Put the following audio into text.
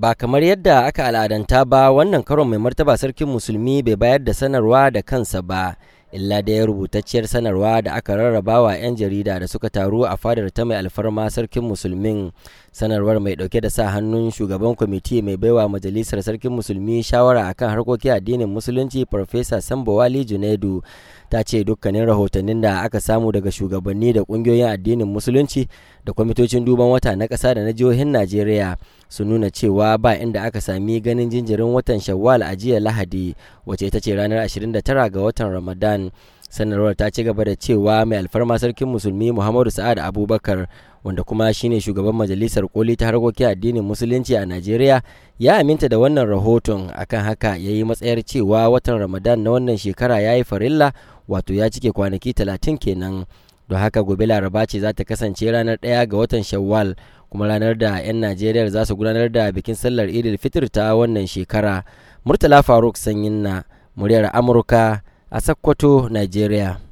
ba kamar yadda aka al'adanta ba wannan karon mai martaba sarkin musulmi bai bayar da sanarwa da kansa ba illa da ya rubutacciyar sanarwa da aka rarraba wa 'yan jarida da suka taru a fadar ta mai alfarma sarkin musulmin sanarwar mai dauke da sa hannun shugaban kwamiti mai baiwa majalisar sarkin musulmi shawara akan harkokin addinin musulunci farfesa sambawali junaidu ta ce dukkanin rahotannin da aka samu daga shugabanni da kungiyoyin addinin musulunci da kwamitocin duban wata na kasa da na jihohin najeriya su nuna cewa ba inda aka sami ganin jinjirin watan shawwal a jiya lahadi wace ita ce ranar 29 ga watan ramadan sanarwar ta ci gaba da cewa mai alfarma sarkin musulmi muhammadu sa'ad abubakar wanda kuma shine shugaban majalisar koli ta harkokin addinin musulunci a najeriya ya aminta da wannan rahoton akan haka ya yi matsayar cewa watan ramadan na wannan shekara ya yi farilla wato ya cike kwanaki talatin kenan don haka gobe laraba ce za ta kasance ranar ɗaya ga watan shawwal kuma ranar da 'yan najeriya za su gudanar da bikin sallar idil fitr ta wannan shekara murtala faruk sanyin na muryar amurka a sakkwato najeriya